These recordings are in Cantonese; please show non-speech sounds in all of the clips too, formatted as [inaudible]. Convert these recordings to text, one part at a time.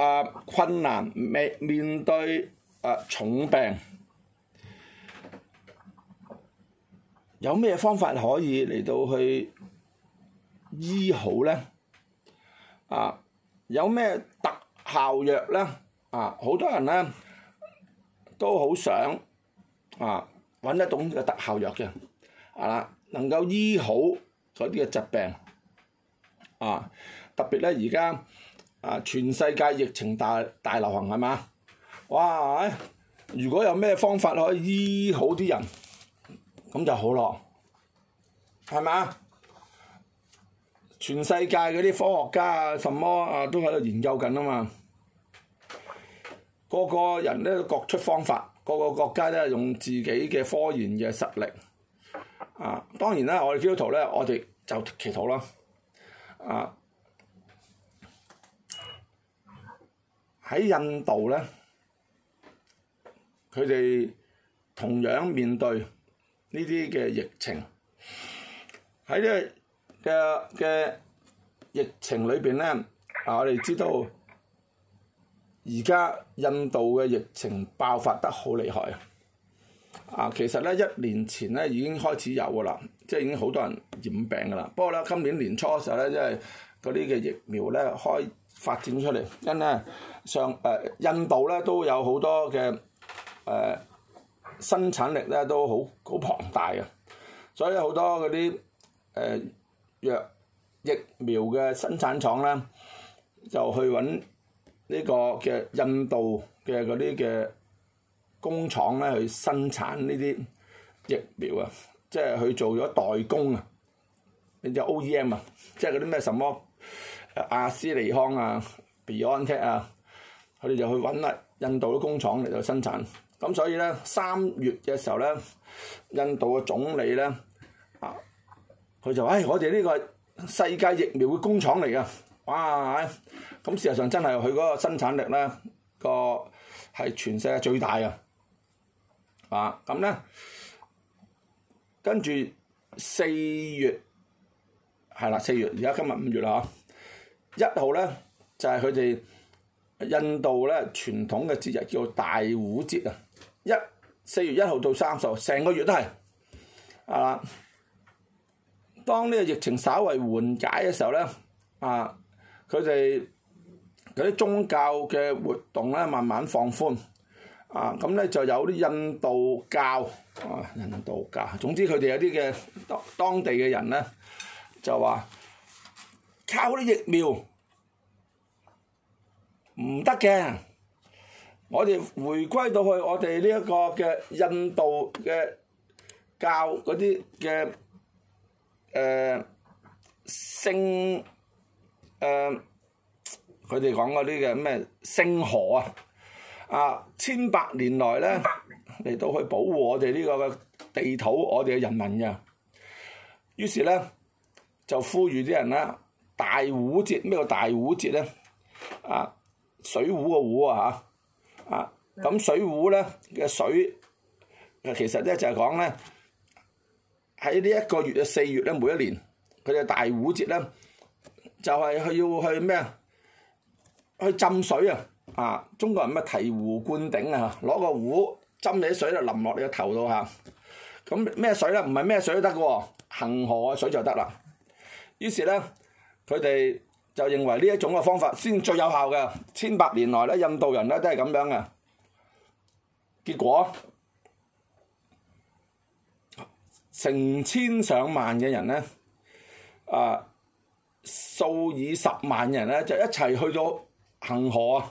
啊！困難面，面對啊重病，有咩方法可以嚟到去醫好咧？啊，有咩特效藥咧？啊，好多人咧都好想啊揾一種嘅特效藥嘅，啊，能夠醫好嗰啲嘅疾病啊，特別咧而家。啊！全世界疫情大大流行係嘛？哇！如果有咩方法可以醫好啲人，咁就好咯，係嘛？全世界嗰啲科學家啊，什麼啊，都喺度研究緊啊嘛。個個人咧各出方法，個個國家都係用自己嘅科研嘅實力。啊，當然啦，我哋基督徒咧，我哋就祈禱啦。啊！喺印度咧，佢哋同樣面對呢啲嘅疫情。喺呢個嘅嘅疫情裏邊咧，啊，我哋知道而家印度嘅疫情爆發得好厲害啊！啊，其實咧一年前咧已經開始有㗎啦，即係已經好多人染病㗎啦。不過咧今年年初嘅時候咧，因為嗰啲嘅疫苗咧開發展出嚟，因咧上誒印度咧都有好多嘅誒、呃、生產力咧都好好龐大啊，所以好多嗰啲誒藥疫苗嘅生產廠咧就去搵呢個嘅印度嘅嗰啲嘅工廠咧去生產呢啲疫苗啊，即係去做咗代工啊，你啲 OEM 啊，即係嗰啲咩什麼？阿斯利康啊，BioNTech 啊，佢哋就去揾啦，印度嘅工廠嚟到生產。咁所以咧，三月嘅時候咧，印度嘅總理咧，佢就話：唉，我哋呢個世界疫苗嘅工廠嚟噶，哇！咁事實上真係佢嗰個生產力咧，個係全世界最大啊。啊，咁咧，跟住四月係啦，四月而家今日五月啦，嚇！一號咧就係佢哋印度咧傳統嘅節日叫做大壺節啊！一四月一號到三十號，成個月都係啊。當呢個疫情稍為緩解嘅時候咧，啊佢哋嗰啲宗教嘅活動咧慢慢放寬啊，咁咧就有啲印度教啊，印度教，總之佢哋有啲嘅當當地嘅人咧就話。靠嗰啲疫苗唔得嘅，我哋回歸到去我哋呢一個嘅印度嘅教嗰啲嘅誒聖，誒佢哋講嗰啲嘅咩聖河啊，啊千百年來咧嚟到去保護我哋呢個嘅地土，我哋嘅人民嘅，於是咧就呼籲啲人咧。大壺節咩叫大壺節咧？啊，水壺個壺啊嚇！啊，咁水壺咧嘅水，其實咧就係講咧喺呢一個月嘅四月咧，每一年佢嘅大壺節咧，就係去要去咩啊？去浸水啊！啊，中國人乜提壺灌頂啊！攞個壺浸你啲水就淋落你個頭度嚇。咁咩水咧？唔係咩水都得嘅喎，恆河嘅水就得啦。於是咧～佢哋就認為呢一種嘅方法先最有效嘅，千百年來咧，印度人咧都係咁樣嘅。結果成千上萬嘅人咧，啊，數以十萬嘅人咧就一齊去咗恆河啊，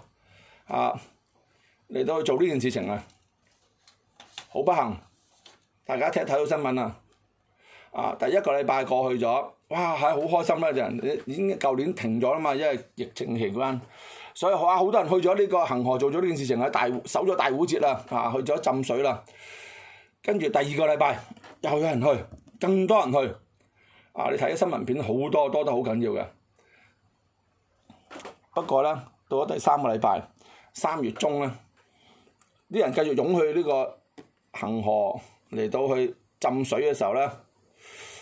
啊，嚟到去做呢件事情啊，好不幸，大家睇一睇到新聞啊，啊，第一個禮拜過去咗。哇！係好開心啦，人已經舊年停咗啦嘛，因為疫情期間，所以啊，好多人去咗呢個恆河做咗呢件事情，喺大守咗大壺節啦，嚇去咗浸水啦。跟住第二個禮拜又有人去，更多人去，啊！你睇啲新聞片好多，多得好緊要嘅。不過咧，到咗第三個禮拜，三月中咧，啲人繼續湧去呢個恆河嚟到去浸水嘅時候咧。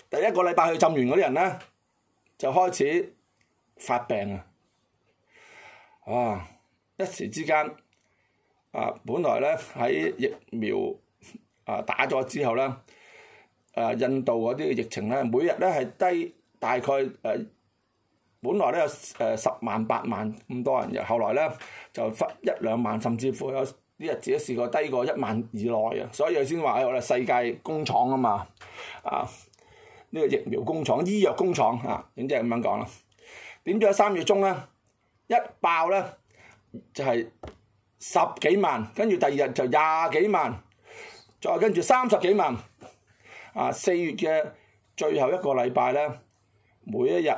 第一個禮拜去浸完嗰啲人咧，就開始發病啊！啊，一時之間啊，本來咧喺疫苗啊打咗之後咧，誒、啊、印度嗰啲疫情咧，每日咧係低大概誒、啊，本來咧誒十萬八萬咁多人，後來咧就忽一兩萬，甚至乎有啲日子都試過低過一萬以內啊！所以佢先話我哋世界工廠啊嘛，啊！呢個疫苗工廠、醫藥工廠嚇，點即係咁樣講啦？點知喺三月中咧一爆咧就係、是、十幾萬，跟住第二日就廿幾萬，再跟住三十幾萬。啊，四月嘅最後一個禮拜咧，每一日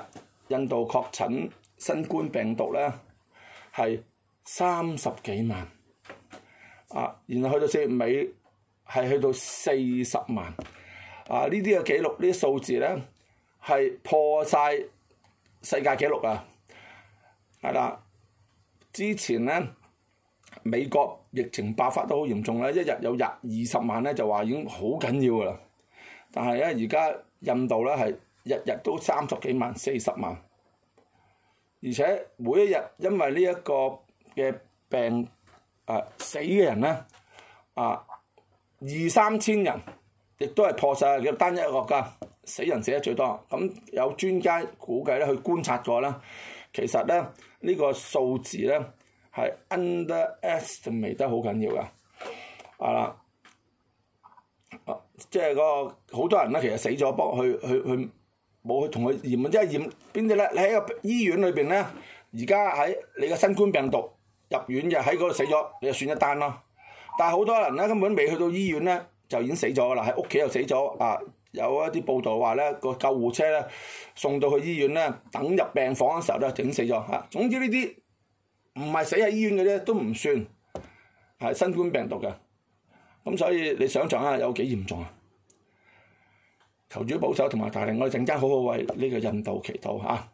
印度確診新冠病毒咧係三十幾萬，啊，然後去到四月尾係去到四十萬。啊！呢啲嘅記錄，呢啲數字咧，係破晒世界紀錄啊！係啦，之前咧美國疫情爆發都好嚴重啦，一日有廿二十萬咧就話已經好緊要噶啦。但係咧而家印度咧係日日都三十幾萬、四十萬，而且每一日因為、啊、呢一個嘅病誒死嘅人咧啊二三千人。亦都係破曬嘅單一國㗎，死人死得最多。咁有專家估計咧，去觀察過啦。其實咧呢個數字咧係 underestimate 得好緊要㗎，係、啊、啦，即係嗰個好多人咧，其實死咗不過去去去冇去同佢驗，即係驗邊啲咧？你喺個醫院裏邊咧，而家喺你個新冠病毒入院就喺嗰度死咗，你就算一單咯。但係好多人咧根本未去到醫院咧。就已經死咗啦，喺屋企又死咗啊！有一啲報道話咧，個救護車咧送到去醫院咧，等入病房嘅時候都整死咗嚇、啊。總之呢啲唔係死喺醫院嘅咧，都唔算係新冠病毒嘅。咁所以你想象下有幾嚴重啊？求主保守同埋帶領，我哋陣間好好為呢個印度祈禱嚇、啊。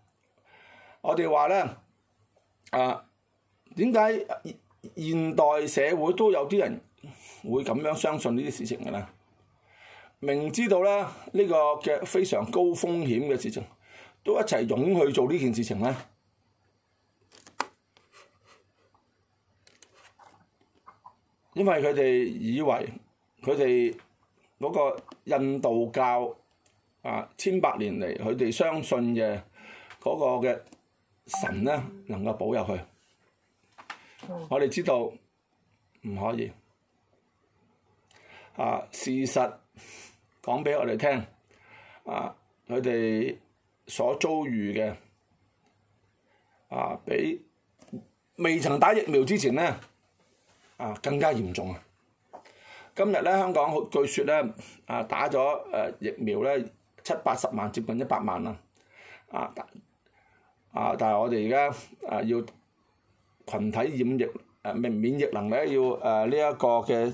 我哋話咧啊，點解現代社會都有啲人會咁樣相信呢啲事情嘅咧，明知道咧呢個嘅非常高風險嘅事情，都一齊湧去做呢件事情咧，因為佢哋以為佢哋嗰個印度教啊，千百年嚟佢哋相信嘅嗰個嘅神咧，能夠保佑佢，我哋知道唔可以。啊！事實講俾我哋聽，啊，佢哋所遭遇嘅啊，比未曾打疫苗之前咧，啊更加嚴重啊！今日咧，香港據說咧，啊打咗誒、啊、疫苗咧，七八十萬接近一百萬啦，啊，啊，但係我哋而家啊要群體免疫誒、啊，免疫能力要誒呢一個嘅。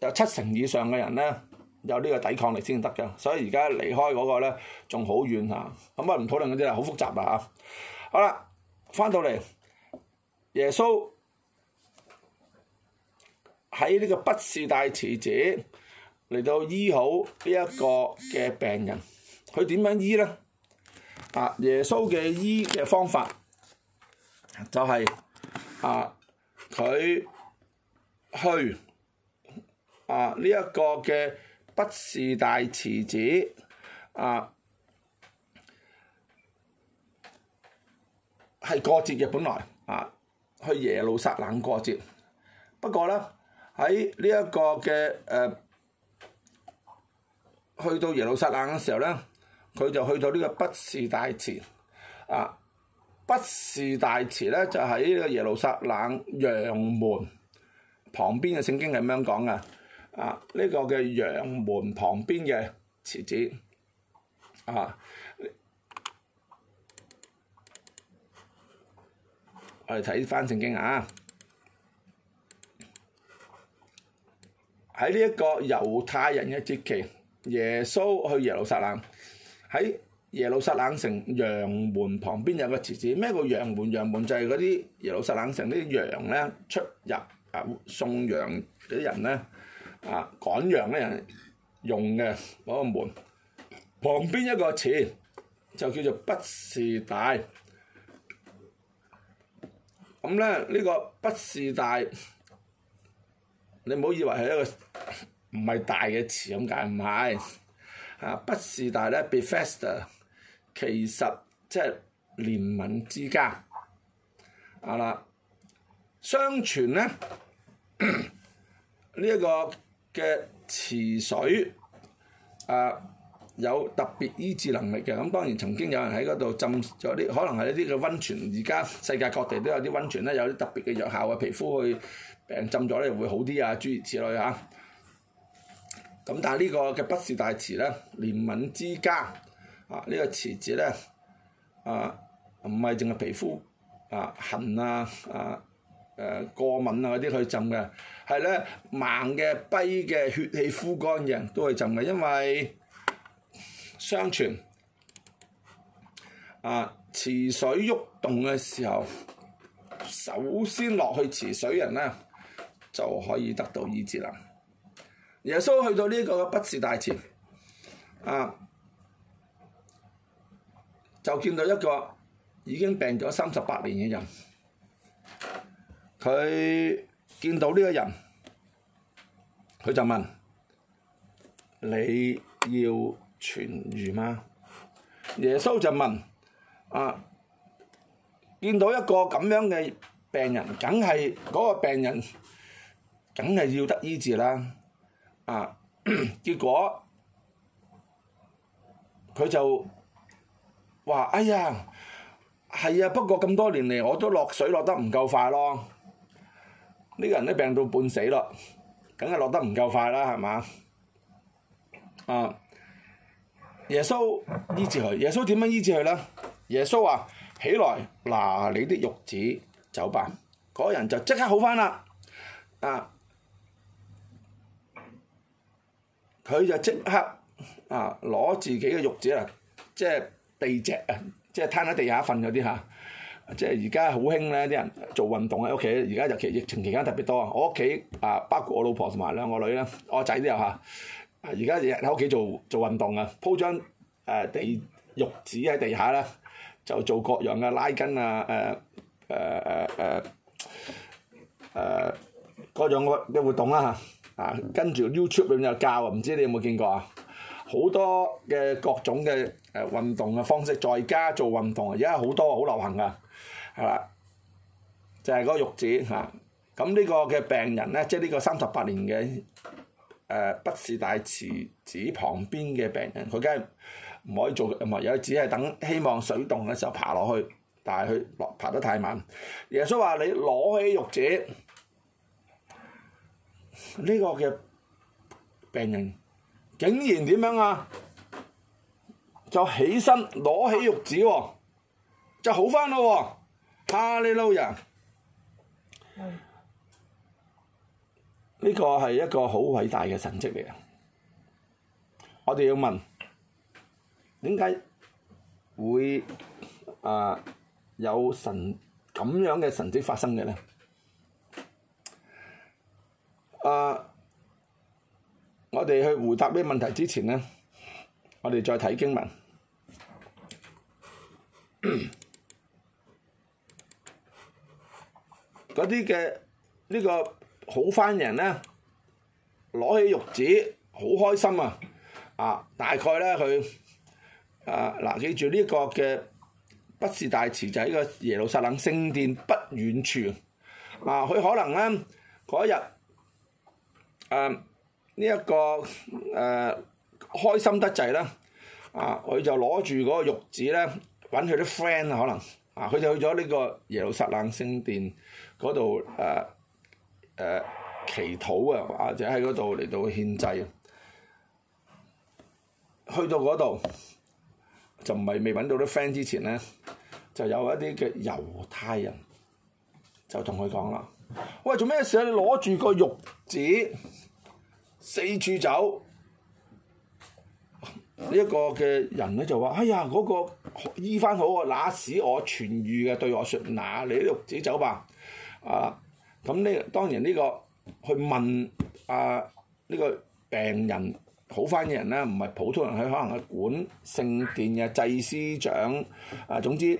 有七成以上嘅人咧，有呢個抵抗力先得㗎，所以而家離開嗰個咧仲好遠嚇，咁啊唔討論嗰啲啦，好複雜啊嚇。好啦，翻到嚟，耶穌喺呢個畢士大池者嚟到醫好呢一個嘅病人，佢點樣醫咧？啊，耶穌嘅醫嘅方法就係、是、啊，佢去。啊！呢、這、一個嘅畢士大池子，啊係過節嘅本來，啊去耶路撒冷過節。不過咧，喺呢一個嘅誒、啊，去到耶路撒冷嘅時候咧，佢就去到呢個畢士大池。啊，畢士大池咧，就喺、是、呢個耶路撒冷羊門旁邊嘅聖經係咁樣講嘅。啊！呢個嘅羊門旁邊嘅池子，啊，我哋睇翻聖經啊，喺呢一個猶太人嘅節期，耶穌去耶路撒冷，喺耶路撒冷城羊門旁邊有個池子，咩叫羊門？羊門就係嗰啲耶路撒冷城啲羊咧出入啊送羊嗰啲人咧。啊，趕羊嘅人用嘅嗰、那個門，旁邊一個詞就叫做畢士大，咁咧呢個畢士大，你唔好以為係一個唔係大嘅詞咁解，唔係啊，畢士大咧，Bethesda，其實即係憐憫之家啊啦，相傳咧呢一、 [coughs] 這個。嘅池水啊，有特別醫治能力嘅，咁當然曾經有人喺嗰度浸咗啲，可能係一啲嘅温泉，而家世界各地都有啲温泉啦，有啲特別嘅藥效啊，皮膚去病浸咗咧會好啲啊，諸如此類啊。咁但係呢個嘅畢士大池咧，憐憫之家啊，呢個池子咧啊，唔係淨係皮膚啊痕啊啊誒過敏啊嗰啲去浸嘅。係咧，盲嘅、跛嘅、血氣枯乾嘅人都係浸嘅，因為相傳啊，池水喐動嘅時候，首先落去池水人咧就可以得到醫治啦。耶穌去到呢個畢士大池，啊，就見到一個已經病咗三十八年嘅人，佢。見到呢個人，佢就問：你要痊癒嗎？耶穌就問：啊，見到一個咁樣嘅病人，梗係嗰個病人，梗係要得醫治啦。啊， [coughs] 結果佢就話：哎呀，係啊，不過咁多年嚟，我都落水落得唔夠快咯。呢個人都病到半死咯，梗係落得唔夠快啦，係嘛？啊！耶穌醫治佢，耶穌點樣醫治佢咧？耶穌話、啊：起來，拿你啲褥子走吧。嗰個人就即刻好返啦。啊！佢就即刻啊攞自己嘅褥子啊，即係地席啊，即係攤喺地下瞓嗰啲吓。即係而家好興咧，啲人做運動喺屋企。而家尤其疫情期間特別多。我屋企啊，包括我老婆同埋兩個女咧，我仔都有嚇。而家日喺屋企做做運動啊，鋪張誒地褥子喺地下啦，就做各樣嘅拉筋啊，誒誒誒誒誒各樣嘅嘅活動啦嚇。啊，跟住 YouTube 入面有教啊，唔知你有冇見過啊？好多嘅各種嘅誒運動嘅方式，在家做運動而家好多好流行噶。係啦、嗯，就係、是、嗰個褥子嚇，咁、啊、呢、這個嘅病人咧，即係呢個三十八年嘅誒、呃、畢士大池子旁邊嘅病人，佢梗係唔可以做，唔係有只係等希望水動嘅時候爬落去，但係佢落爬得太慢。耶穌話：你攞起褥子，呢、這個嘅病人，竟然點樣啊？就起身攞起褥子喎，就好翻咯喎！哦哈利路亞！呢、這個係一個好偉大嘅神跡嚟啊！我哋要問點解會啊、呃、有神咁樣嘅神跡發生嘅咧？啊、呃！我哋去回答呢個問題之前咧，我哋再睇經文。 [coughs] 嗰啲嘅呢個好番人咧，攞起褥子好開心啊！啊，大概咧佢啊嗱，記住，個、啊記住，個啊、記住個呢個嘅畢士大池，啊啊、就喺個耶路撒冷聖殿不遠處啊！佢可能咧嗰日誒呢一個誒開心得滯啦，啊佢就攞住嗰個褥子咧揾佢啲 friend 啊，可能啊佢就去咗呢個耶路撒冷聖殿。嗰度誒誒祈禱啊，或者喺嗰度嚟到獻祭，去到嗰度就唔係未揾到啲 friend 之前咧，就有一啲嘅猶太人就同佢講啦，喂，做咩事啊？你攞住個玉子四處走呢一，呢個嘅人咧就話，哎呀嗰，嗰個醫翻好啊，那使我痊癒嘅對我説，嗱，你啲玉子走吧。啊，咁呢，當然呢、呢個去問啊呢、呢個病人、啊呢個、病人好返嘅人咧，唔係普通人，佢可能去管聖殿嘅祭司長啊，總之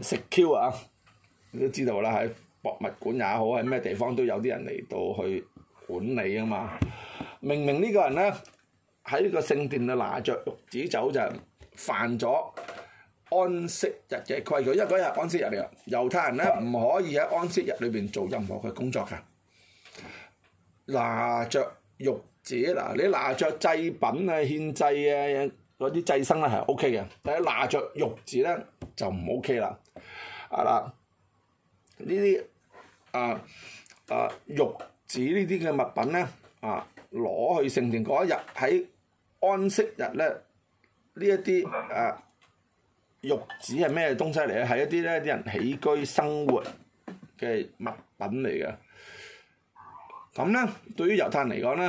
食 Q 啊，你都知道啦，喺博物館也好，喺咩地方都有啲人嚟到去管理啊嘛。明明呢個人咧喺呢個聖殿度拿着褥子走就犯咗安息日嘅規矩，因為嗰日安息日嚟嘅，猶太人咧唔可以喺安息日裏邊做任何嘅工作㗎。拿着褥子嗱，你拿着祭品啊、獻祭啊嗰啲祭牲咧係 O.K. 嘅，但係拿着褥子咧就唔 O.K. 啦。啊嗱，呢啲啊啊褥子呢啲嘅物品咧啊攞去聖殿，嗰一日喺安息日咧呢一啲啊。玉子係咩東西嚟咧？係一啲咧啲人起居生活嘅物品嚟嘅。咁咧，對於猶太人嚟講咧，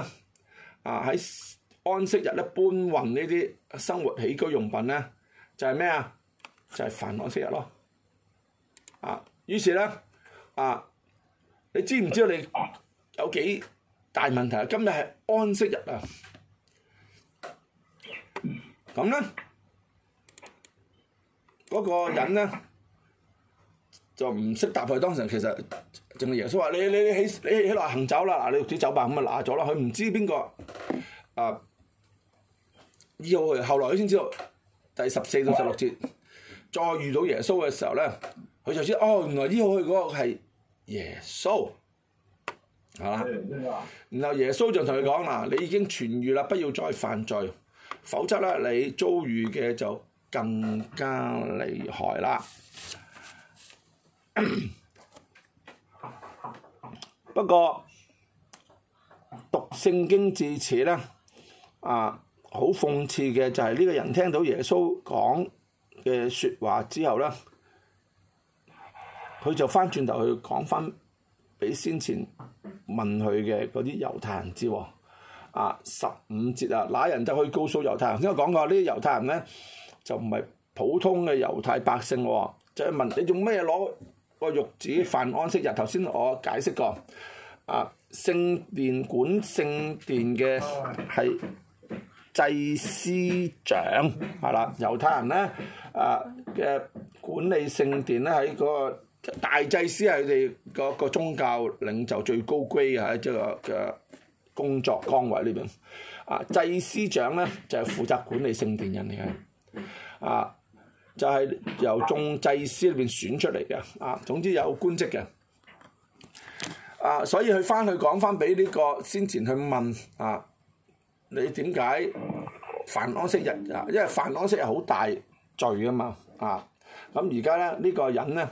啊喺安息日咧搬運呢啲生活起居用品咧，就係咩啊？就係犯安息日咯。啊，於是咧，啊，你知唔知道你有幾大問題？今日係安息日啊！咁咧。嗰個人咧就唔識答。佢當時其實淨係耶穌話： [noise] 你你你起你起嚟行走啦，嗱你啲酒吧咁啊揦咗啦。佢唔知邊個啊醫好佢，後來佢先知道第十四到十六節再遇到耶穌嘅時候咧，佢就知哦原來醫好佢嗰個係耶穌，係、啊、嘛？然後耶穌就同佢講：嗱、啊，你已經痊癒啦，不要再犯罪，否則咧你遭遇嘅就更加厲害啦！ [coughs] 不過讀聖經至此咧，啊，好諷刺嘅就係呢個人聽到耶穌講嘅説話之後咧，佢就翻轉頭去講翻俾先前問佢嘅嗰啲猶太人知喎，啊，十五節啊，那人就去告訴猶太人，因為講過呢啲猶太人咧，就唔係普通嘅猶太百姓喎、啊，即、就、係、是、問你做咩攞個褥子犯安息日？頭先我解釋過，啊，聖殿管聖殿嘅係祭司長，係啦，猶太人咧啊嘅管理聖殿咧，喺嗰個大祭司係佢哋個宗教領袖最高階嘅，喺即係個工作崗位呢邊，啊，祭司長咧就係、是、負責管理聖殿人嚟嘅。啊，就係由眾祭司裏邊選出嚟嘅，啊，總之有官職嘅，啊，所以佢翻去講翻俾呢個先前去問啊，你點解犯安息日啊？因為犯安息日好大罪啊嘛，啊，咁而家咧呢個人咧，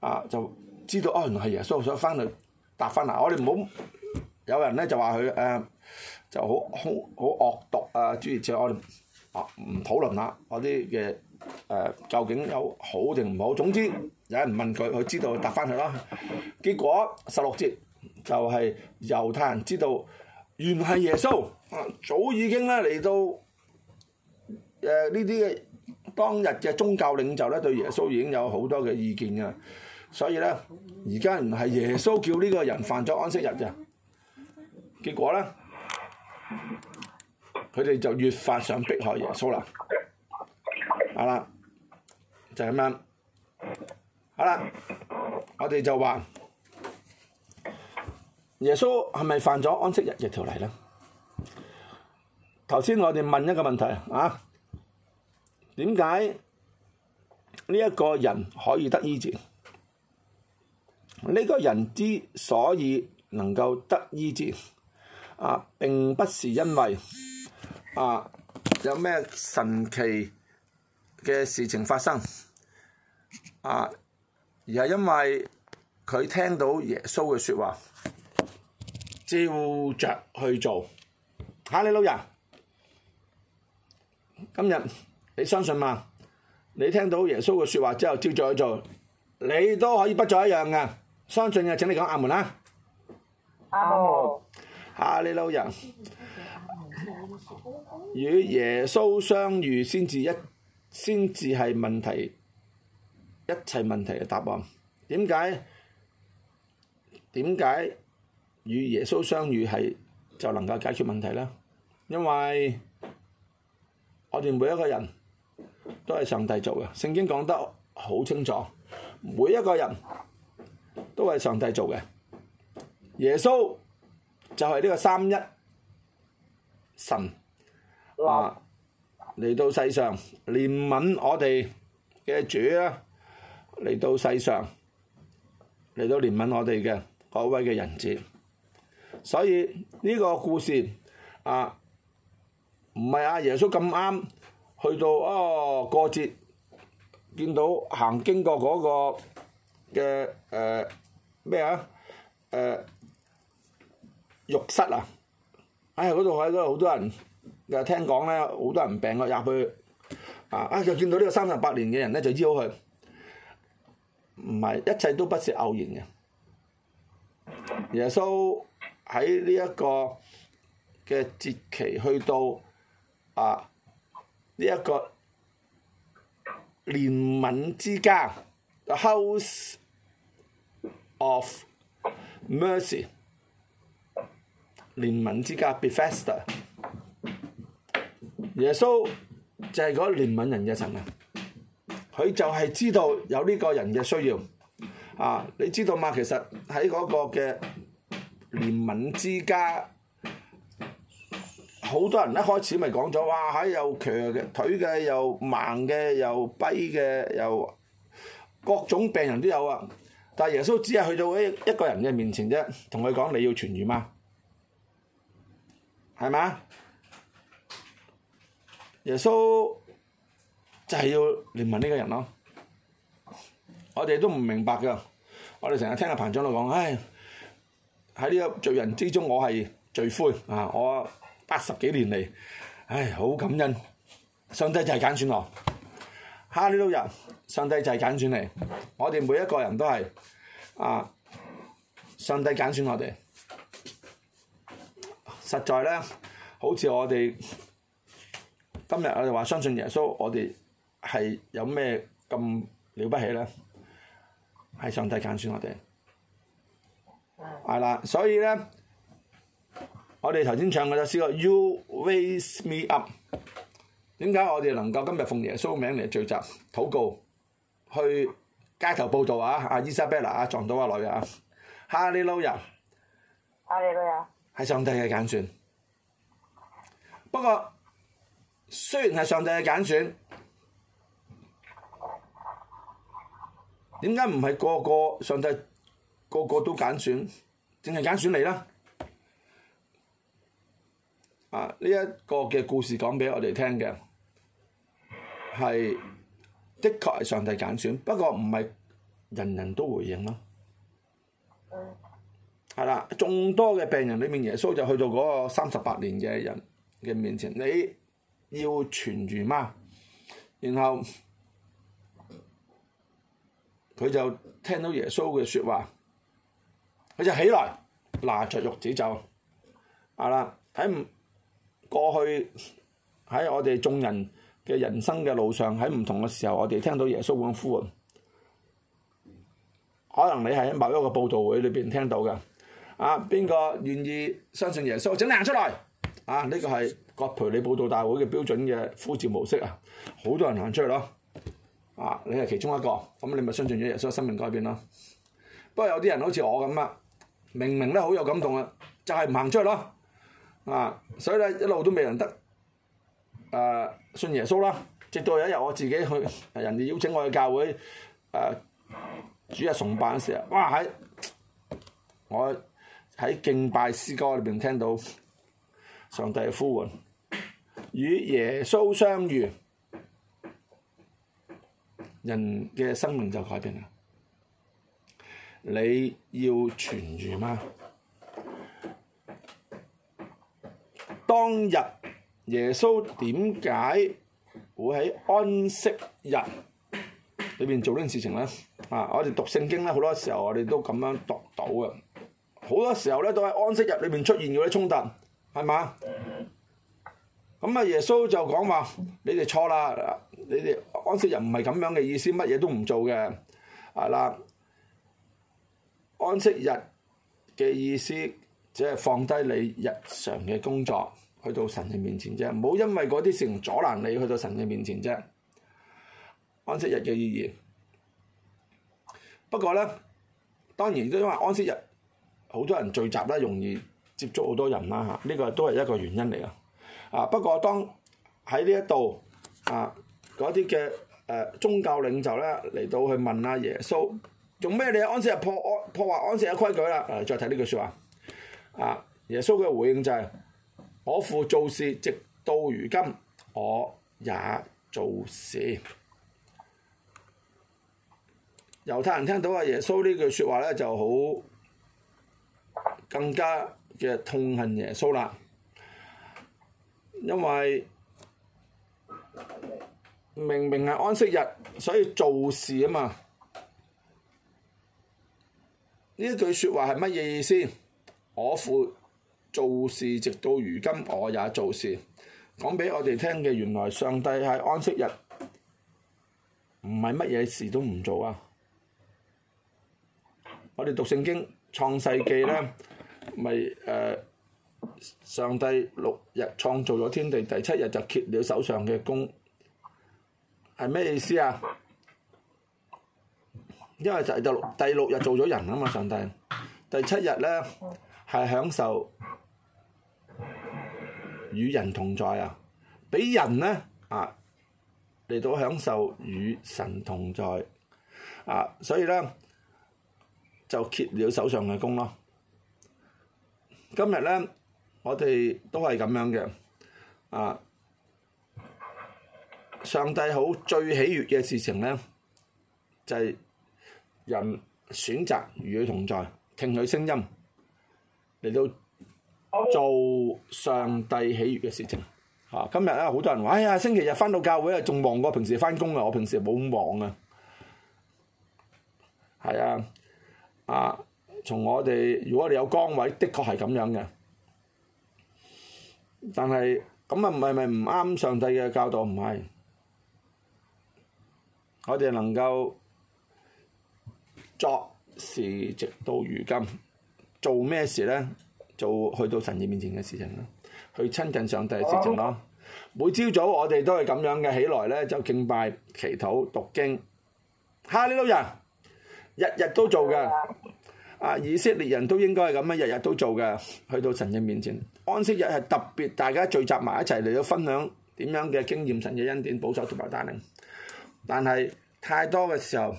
啊就知道哦，原來係耶穌，所以想翻去答翻嗱、啊，我哋唔好有人咧就話佢誒就好兇好惡毒啊，諸如此類。我唔、啊、討論下嗰啲嘅誒，究竟有好定唔好？總之，有人問佢，佢知道答翻佢啦。結果十六節就係、是、猶太人知道，原係耶穌啊，早已經咧嚟到誒呢啲當日嘅宗教領袖咧，對耶穌已經有好多嘅意見嘅。所以咧，而家唔係耶穌叫呢個人犯咗安息日嘅。結果咧～佢哋就越發想逼害耶穌啦，啊啦，就係咁樣，好啦，我哋就話耶穌係咪犯咗安息日嘅條例咧？頭先我哋問一個問題啊，點解呢一個人可以得醫治？呢個人之所以能夠得醫治，啊，並不是因為。啊！有咩神奇嘅事情發生？啊！而係因為佢聽到耶穌嘅説話，照著去做。哈利路亞，今日你相信嗎？你聽到耶穌嘅説話之後，照著去做，你都可以不再一樣嘅。相信嘅請你講阿門啦！阿門。哈利路亞。與耶穌相遇先至一先至係問題一切問題嘅答案。點解點解與耶穌相遇係就能夠解決問題呢？因為我哋每一個人都係上帝做嘅，聖經講得好清楚，每一個人都係上帝做嘅。耶穌就係呢個三一。神啊，嚟到世上憐憫我哋嘅主啊，嚟到世上嚟到憐憫我哋嘅各位嘅人子，所以呢、這個故事啊，唔係阿耶穌咁啱去到哦過節，見到行經過嗰個嘅誒咩啊誒、呃、浴室啊？唉，嗰度喺度好多人，又聽講咧，好多人病咗入去，啊！啊，就見到個呢個三十八年嘅人咧，就醫好佢，唔係一切都不是偶然嘅。耶穌喺呢一個嘅節期去到啊呢一、這個憐憫之家，The house of mercy。憐憫之家，Bethesda！耶穌就係嗰個憐憫人嘅神啊！佢就係知道有呢個人嘅需要啊！你知道嘛？其實喺嗰個嘅憐憫之家，好多人一開始咪講咗哇！喺，又強嘅、腿嘅、又盲嘅、又跛嘅、又各種病人都有啊！但係耶穌只係去到誒一個人嘅面前啫，同佢講：你要痊癒嗎？係嘛？耶穌就係要憐憫呢個人咯，啊，我哋都唔明白嘅。我哋成日聽阿彭長老講，唉，喺呢個罪人之中我，我係罪魁啊！我八十幾年嚟，唉，好感恩，上帝就係揀選，選我。哈利路人，上帝就係揀選，選你。我哋每一個人都係啊，上帝揀選，選我哋。實在咧，好似我哋今日我哋話相信耶穌，我哋係有咩咁了不起咧？係上帝揀選我哋，係啦，所以咧，我哋頭先唱嗰首詩叫 You Raise Me Up，點解我哋能夠今日奉耶穌名嚟聚集、禱告、去街頭佈道啊？啊，Isabella 啊，撞到阿女啊，哈利路亞！哈利路亞！係上帝嘅揀選，不過雖然係上帝嘅揀選，點解唔係個個上帝個個都揀選，淨係揀選你啦？啊，呢一個嘅故事講俾我哋聽嘅，係，的確係上帝揀選，不過唔係人人都回應咯。係啦，眾多嘅病人裏面，耶穌就去到嗰個三十八年嘅人嘅面前，你要痊癒嗎？然後佢就聽到耶穌嘅説話，佢就起來，拿着褥子走，係啦，喺過去喺我哋眾人嘅人生嘅路上，喺唔同嘅時候，我哋聽到耶穌嘅呼喚，可能你係某一個佈道會裏邊聽到嘅。啊！邊個願意相信耶穌？請你行出嚟！啊！呢、這個係葛培理佈道大會嘅標準嘅呼召模式啊！好多人行出去咯！啊！你係其中一個，咁你咪相信咗耶穌，生命改變咯。不過有啲人好似我咁啊，明明咧好有感動啊，就係唔行出去咯。啊！所以咧一路都未能得誒、呃、信耶穌啦，直到有一日我自己去人哋邀請我去教會誒、呃、主日崇拜嗰時啊，哇！喺、哎、我～喺敬拜詩歌裏邊聽到上帝嘅呼喚，與耶穌相遇，人嘅生命就改變啦。你要痊癒嗎？當日耶穌點解會喺安息日裏邊做呢件事情咧？啊！我哋讀聖經咧，好多時候我哋都咁樣讀到嘅。好多時候咧都喺安息日裏面出現嗰啲衝突，係嘛？咁啊，耶穌就講話：你哋錯啦，你哋安息日唔係咁樣嘅意思，乜嘢都唔做嘅，係啦。安息日嘅意思只係放低你日常嘅工作去到神嘅面前啫，唔好因為嗰啲事阻攔你去到神嘅面前啫。安息日嘅意義。不過咧，當然都因為安息日。好多人聚集咧，容易接觸好多人啦嚇，呢、這個都係一個原因嚟咯。啊，不過當喺呢一度啊，嗰啲嘅誒宗教領袖咧嚟到去問阿、啊、耶穌，做咩你安息日破破壞安息日規矩啦？再睇呢句説話。啊，耶穌嘅回應就係、是：我父做事，直到如今，我也做事。猶太人聽到阿耶穌呢句説話咧，就好。更加嘅痛恨耶穌啦，因為明明係安息日，所以做事啊嘛。呢一句說話係乜嘢意思？我父做事，直到如今，我也做事。講俾我哋聽嘅，原來上帝係安息日，唔係乜嘢事都唔做啊！我哋讀聖經創世記咧。.咪誒、嗯，上帝六日創造咗天地，第七日就歇了手上嘅工，係咩意思啊？因為就第六第六日做咗人啊嘛，上帝，第七日咧係享受與人同在啊，俾人咧啊嚟到享受與神同在啊，所以咧就歇了手上嘅工咯。今日咧，我哋都係咁樣嘅，啊！上帝好最喜悅嘅事情咧，就係人選擇與佢同在，聽佢聲音，嚟到做上帝喜悅嘅事情。啊！今日咧，好多人話：哎呀，星期日返到教會啊，仲忙過平時返工啊！我平時冇咁忙啊。係啊，啊！從我哋，如果你有崗位，的確係咁樣嘅。但係咁啊，唔係唔唔啱上帝嘅教導，唔係。我哋能夠作事，直到如今。做咩事咧？做去到神嘅面前嘅事情咯，去親近上帝嘅事情咯。每朝早我哋都係咁樣嘅起來咧，就敬拜、祈禱、讀經。哈利路亞！日日都做嘅。啊！以色列人都應該係咁樣，日日都做嘅，去到神嘅面前。安息日係特別，大家聚集埋一齊嚟到分享點樣嘅經驗、神嘅恩典、保守同埋帶領。但係太多嘅時候，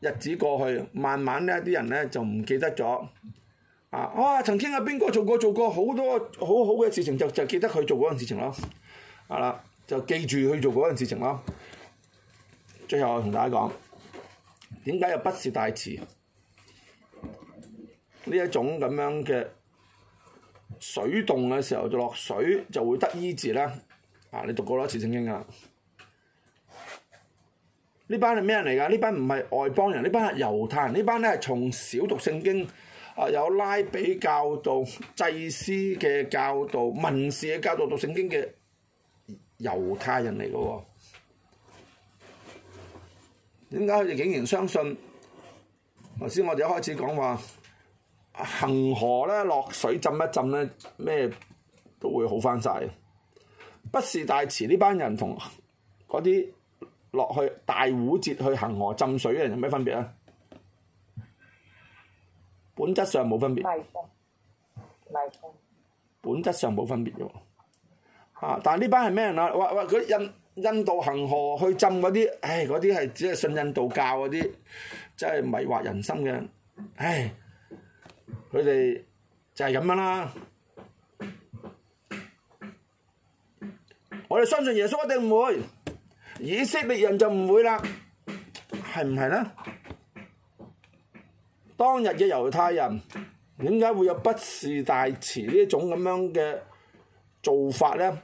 日子過去，慢慢呢啲人呢就唔記得咗。啊！哇、啊，曾經阿邊個做過做過好多好好嘅事情，就就記得佢做嗰陣事情咯。係啦，就記住去做嗰陣事情咯。最後我同大家講，點解又不是大詞？呢一種咁樣嘅水動嘅時候就落水就會得醫治啦。啊！你讀過多次聖經噶喇。呢班係咩人嚟噶？呢班唔係外邦人，呢班係猶太人。班呢班咧係從小讀聖經，啊，有拉比教導、祭司嘅教導、文士嘅教導讀聖經嘅猶太人嚟噶喎。點解佢哋竟然相信？頭先我哋一開始講話。恒河咧落水浸一浸咧咩都會好返晒。畢士大池呢班人同嗰啲落去大壺節去恒河浸水嘅人有咩分別啊？本質上冇分別。迷信，迷信。本質上冇分別啫喎，啊。但係呢班係咩人啊？哇哇，嗰啲印印度恒河去浸嗰啲，唉，嗰啲係只係信印度教嗰啲，真係迷惑人心嘅，唉。佢哋就係咁樣啦，我哋相信耶穌一定唔會，以色列人就唔會啦，係唔係咧？當日嘅猶太人點解會有畢士大池呢一種咁樣嘅做法咧？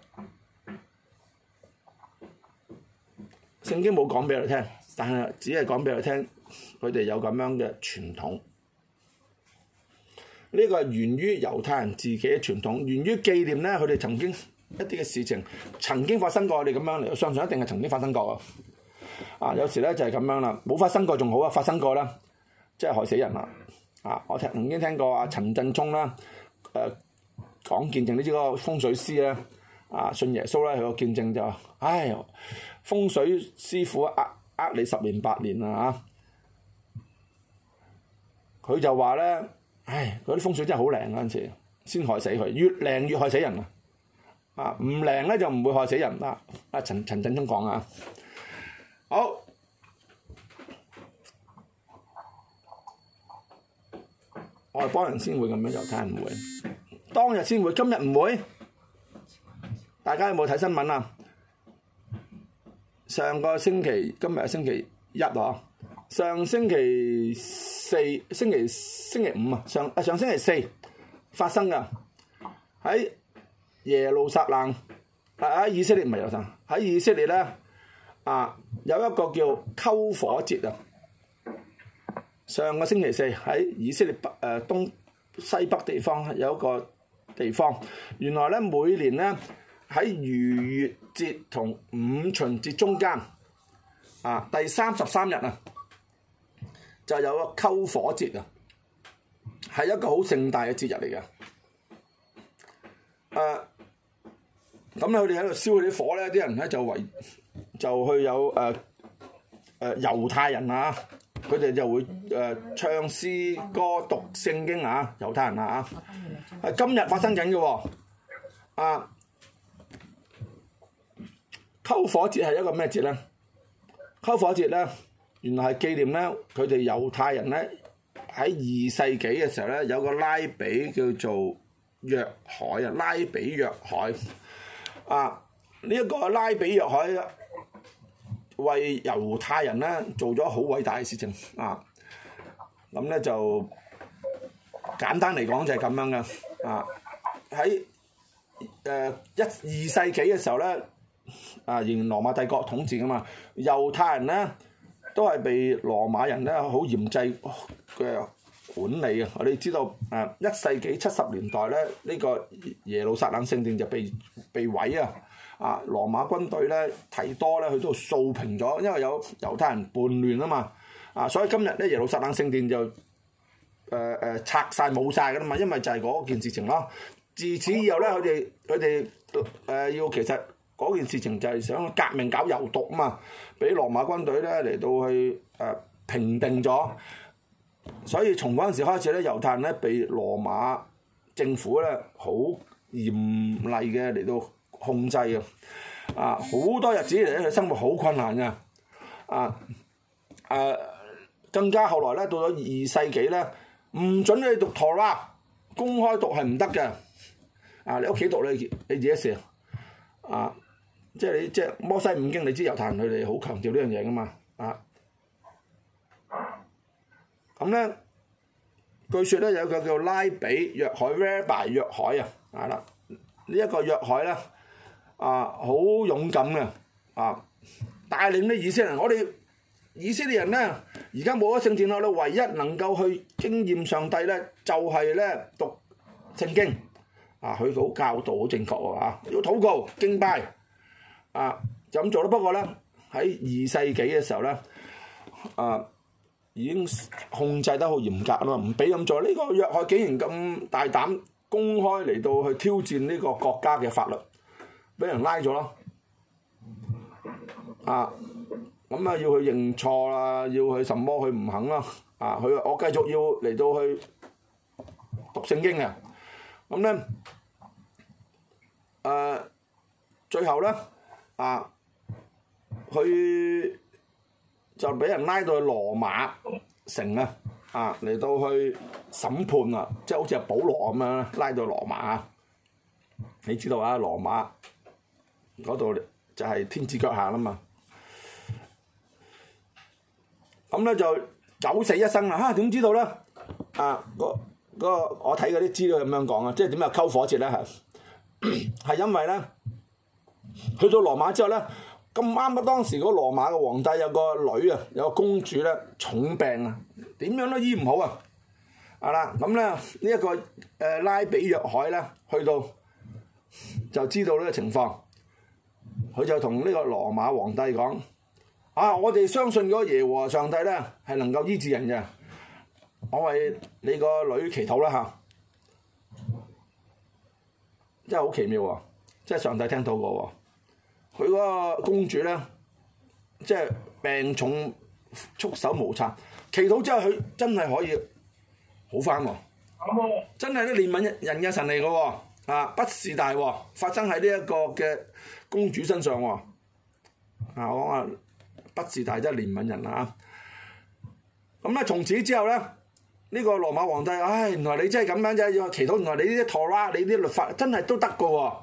聖經冇講俾佢聽，但係只係講俾佢聽，佢哋有咁樣嘅傳統。呢個係源於猶太人自己嘅傳統，源於紀念咧，佢哋曾經一啲嘅事情曾經發生過，佢哋咁樣嚟，相信一定係曾經發生過啊！有時咧就係咁樣啦，冇發生過仲好啊，發生過啦，真係害死人啦！啊，我聽曾經聽過阿陳振聰啦，誒、啊、講見證，呢啲嗰個風水師咧，啊，信耶穌咧，佢個見證就，唉、哎，風水師傅呃呃你十年八年啦嚇，佢、啊、就話咧。唉，嗰啲風水真係好靈嗰陣時，先害死佢。越靈越害死人啊！唔靈咧就唔會害死人。啊，阿陳陳振聰講啊，好，外邦人先會咁樣有，其他人唔會。當日先會，今日唔會。大家有冇睇新聞啊？上個星期，今日星期一咯。上星期四、星期星期五啊，上啊上星期四發生㗎，喺耶路撒冷，喺以色列唔係由但，喺以色列咧，啊有一個叫篝火節啊。上個星期四喺以色列北誒東西北地方有一個地方，原來咧每年咧喺逾越節同五旬節中間啊第三十三日啊。就有個篝火節啊，係一個好盛大嘅節日嚟嘅。誒，咁咧佢哋喺度燒嗰啲火咧，啲人咧就圍就去有誒誒猶太人啊，佢哋就會誒唱詩歌、讀聖經啊，猶太人啊啊！今日發生緊嘅喎啊！篝火節係一個咩節咧？篝火節咧？原來係紀念咧，佢哋猶太人咧喺二世紀嘅時候咧，有個拉比叫做約海啊，拉比約海啊，呢一個拉比約海，比海，啊這個、拉比約海為猶太人咧做咗好偉大嘅事情啊！咁咧就簡單嚟講就係咁樣嘅啊，喺誒、呃、一二世紀嘅時候咧，啊沿羅馬帝國統治㗎嘛，猶太人咧。都係被羅馬人咧好嚴制嘅管理啊！我哋知道誒一世紀七十年代咧，呢、這個耶路撒冷聖殿就被被毀啊！啊，羅馬軍隊咧提多咧，佢都掃平咗，因為有猶太人叛亂啊嘛！啊，所以今日咧，耶路撒冷聖殿就誒誒、呃呃、拆晒冇晒噶啦嘛，因為就係嗰件事情咯。自此以後咧，佢哋佢哋誒要其實。嗰件事情就係想革命搞猶毒啊嘛，俾羅馬軍隊咧嚟到去誒、呃、平定咗，所以從嗰陣時開始咧，猶太人咧被羅馬政府咧好嚴厲嘅嚟到控制啊，啊、呃、好多日子嚟咧佢生活好困難嘅，啊、呃、誒、呃、更加後來咧到咗二世紀咧，唔準你讀 Torah，公開讀係唔得嘅，啊、呃、你屋企讀你你自己事啊。即係你即係摩西五經，你知猶太人佢哋好強調呢樣嘢噶嘛？啊，咁、嗯、咧，據說咧有個叫拉比約海 Rabbi 約海啊，啊啦，呢一個約海咧啊好勇敢嘅啊，帶領啲以色列人。我哋以色列人咧，而家冇咗聖殿後咧，唯一能夠去經驗上帝咧，就係、是、咧讀聖經啊，佢好教導好正確啊，要禱告敬拜。啊，就咁做咯。不過咧，喺二世紀嘅時候咧，啊已經控制得好嚴格啦，唔俾咁做。呢個約翰竟然咁大膽公開嚟到去挑戰呢個國家嘅法律，俾人拉咗咯。啊，咁啊要去認錯啦，要去什麼佢唔肯咯。啊，佢話我繼續要嚟到去讀聖經呀。咁咧，誒，最後咧。啊！佢就俾人拉到去羅馬城啊！啊，嚟到去審判啊！即係好似係保羅咁樣，拉到去羅馬，啊。你知道啊？羅馬嗰度就係天子腳下啦嘛。咁、啊、咧就九死一生啦！嚇，點知道咧？啊，嗰、啊嗰個、我睇嗰啲資料咁樣講啊，即係點樣啊？溝火舌咧嚇，係因為咧。去到羅馬之後咧，咁啱嘅當時個羅馬嘅皇帝有個女啊，有個公主咧，重病啊，點樣都醫唔好啊！係啦，咁咧呢一個誒拉比約海咧，去到就知道呢個情況，佢就同呢個羅馬皇帝講：啊，我哋相信嗰個耶和上帝咧係能夠醫治人嘅，我為你個女祈禱啦嚇，真係好奇妙喎！即係上帝聽到過喎。佢嗰個公主咧，即係病重，束手無策。祈禱之後佢真係可以好翻喎！真係啲憐憫人嘅神嚟嘅喎，啊不是大喎，發生喺呢一個嘅公主身上喎。啊我講不是大真係憐憫人啦啊！咁咧從此之後咧，呢個羅馬皇帝，唉，原來你真係咁樣啫，要祈禱。原來你啲 Torah，你啲律法真係都得嘅喎。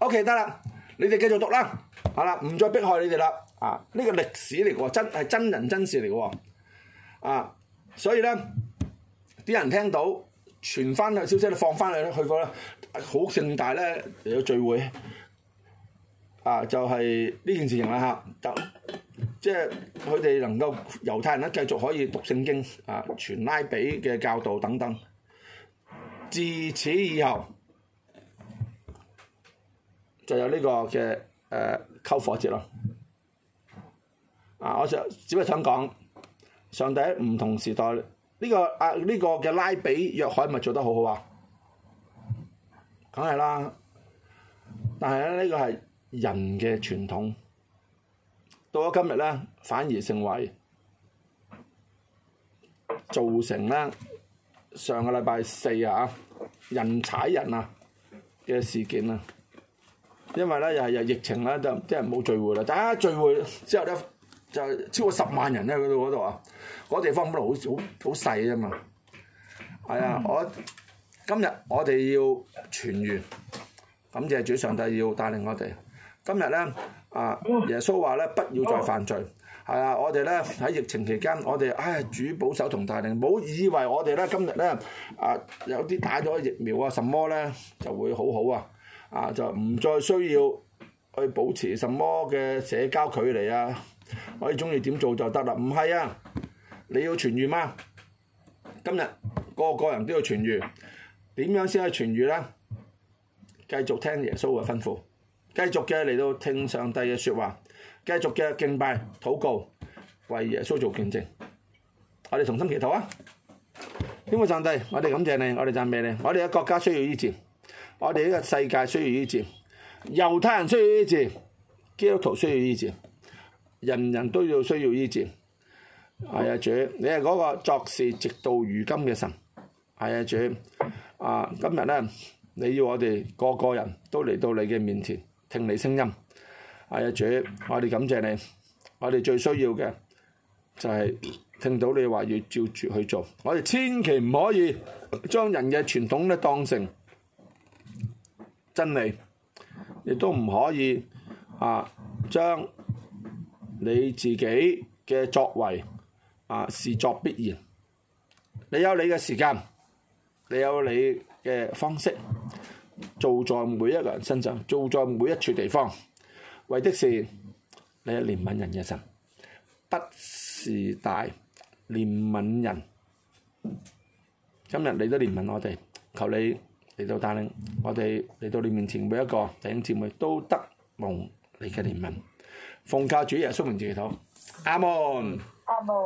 OK 得啦，你哋繼續讀啦。好啦，唔再迫害你哋啦！啊，呢個歷史嚟喎，真係真人真事嚟嘅喎，啊，所以咧啲人聽到傳翻嘅消息，放翻去咧，去個咧好盛大咧嚟個聚會，啊，就係、是、呢件事情啦吓、啊，就即係佢哋能夠猶太人咧繼續可以讀聖經啊，傳拉比嘅教導等等，自此以後就有呢個嘅誒。呃篝火節咯，啊！我只想只係想講，上帝喺唔同時代呢、呢個啊呢、呢個嘅拉比約海咪做得好好啊，梗係啦，但係咧呢個係人嘅傳統，到咗今日咧反而成為造成咧上個禮拜四啊人踩人啊嘅事件啊！因為咧，又係有疫情咧，就即係冇聚會啦。大家聚會之後咧，就超過十萬人咧，去到嗰度啊，嗰地方本來好好好細啫嘛。係啊，我今日我哋要全員感謝主上帝要帶領我哋。今日咧啊，耶穌話咧不要再犯罪。係啊，我哋咧喺疫情期間，我哋唉、哎、主保守同帶領。冇以為我哋咧今日咧啊有啲打咗疫苗啊什麼咧就會好好啊。啊！就唔再需要去保持什麼嘅社交距離啊，我哋中意點做就得啦。唔係啊，你要痊癒嘛？今日個個人都要痊癒，點樣先可以痊癒呢？繼續聽耶穌嘅吩咐，繼續嘅嚟到聽上帝嘅説話，繼續嘅敬拜、禱告，為耶穌做見證。我哋同心祈禱啊！因為上帝，我哋感謝你，我哋讚美你，我哋嘅國家需要醫治。我哋呢個世界需要醫治，猶太人需要醫治，基督徒需要醫治，人人都要需要醫治。係啊，主，你係嗰個作事直到如今嘅神。係啊，主，啊，今日咧，你要我哋個個人都嚟到你嘅面前，聽你聲音。係啊，主，我哋感謝你，我哋最需要嘅就係聽到你話要照住去做。我哋千祈唔可以將人嘅傳統咧當成真理，亦都唔可以啊，將你自己嘅作為啊視作必然。你有你嘅時間，你有你嘅方式，做在每一個人身上，做在每一處地方，為的是你係憐憫人嘅神，不是大，憐憫人。今日你都憐憫我哋，求你。嚟到大領，我哋嚟到你面前，每一個弟兄姊妹都得蒙你嘅憐憫。奉教主耶穌名字祈禱，阿門。阿門。